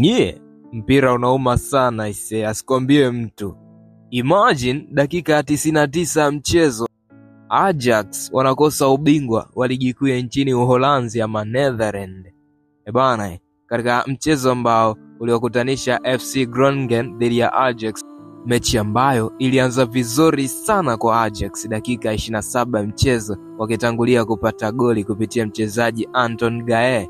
nie mpira unauma sana ise, asikwambie mtu. Imagine dakika ya tisini tisa ya mchezo Ajax wanakosa ubingwa wa ligi kuu ya nchini Uholanzi ama Netherland. Ebana, eh katika mchezo ambao uliokutanisha FC grongen dhidi ya Ajax, mechi ambayo ilianza vizuri sana kwa Ajax. Dakika 27 ya mchezo wakitangulia kupata goli kupitia mchezaji Anton Gae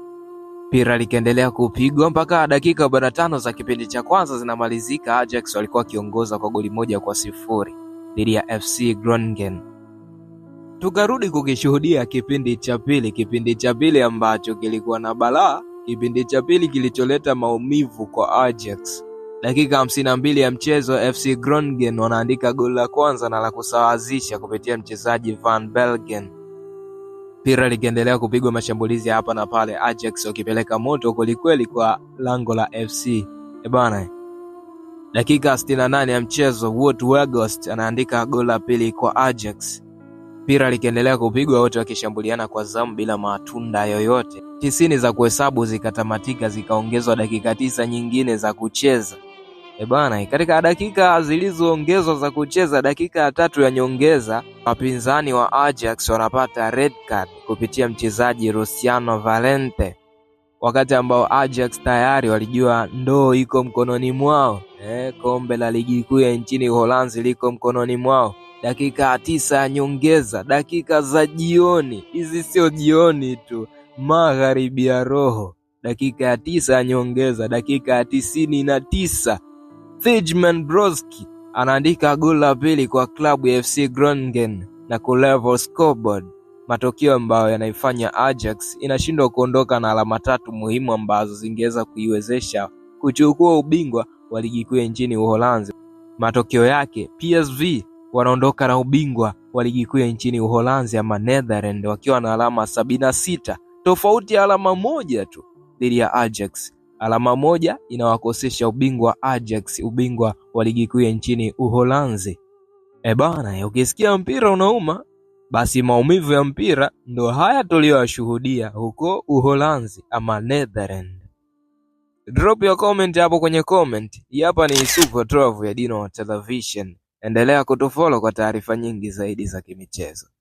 Pira likaendelea kupigwa mpaka dakika arobaini tano za kipindi cha kwanza zinamalizika Ajax walikuwa wakiongoza kwa goli moja kwa sifuri dhidi ya FC Groningen. Tukarudi kukishuhudia kipindi cha pili, kipindi cha pili ambacho kilikuwa na balaa, kipindi cha pili kilicholeta maumivu kwa Ajax. Dakika 52 mbili ya mchezo FC Groningen wanaandika goli la kwanza na la kusawazisha kupitia mchezaji Van Belgen mpira likiendelea kupigwa mashambulizi hapa na pale, Ajax wakipeleka moto kwelikweli kwa lango la FC e bana Dakika 68 ya mchezo, Wout Weghorst anaandika goli la pili kwa Ajax. mpira likiendelea kupigwa, wote wakishambuliana kwa zamu bila matunda yoyote. Tisini za kuhesabu zikatamatika, zikaongezwa dakika tisa nyingine za kucheza. Ebana, eh katika dakika zilizoongezwa za kucheza dakika ya tatu ya nyongeza, wapinzani wa Ajax wanapata red card kupitia mchezaji Luciano Valente, wakati ambao Ajax tayari walijua ndoo iko mkononi mwao. E, kombe la ligi kuu ya nchini Uholanzi liko mkononi mwao. Dakika ya tisa ya nyongeza, dakika za jioni hizi, sio jioni tu, magharibi ya roho. Dakika ya tisa ya nyongeza, dakika ya tisini na tisa Thyjman Broski anaandika goli la pili kwa klabu ya FC Groningen na kuleva scoreboard, matokeo ambayo yanaifanya Ajax inashindwa kuondoka na alama tatu muhimu ambazo zingeweza kuiwezesha kuchukua ubingwa wa ligi kuu nchini Uholanzi. Matokeo yake PSV wanaondoka na ubingwa wa ligi kuu nchini Uholanzi ama Netherlands wakiwa na alama sabina sita, tofauti ya alama moja tu dhidi ya Ajax alama moja inawakosesha ubingwa Ajax ubingwa wa ligi kuu ya nchini Uholanzi. E bana, ukisikia mpira unauma, basi maumivu ya mpira ndo haya tuliyoyashuhudia huko Uholanzi ama Netherland. Drop your comment hapo kwenye comment. Hii hapa ni Super Trove ya Dino Television. Endelea kutufollow kwa taarifa nyingi zaidi za kimichezo.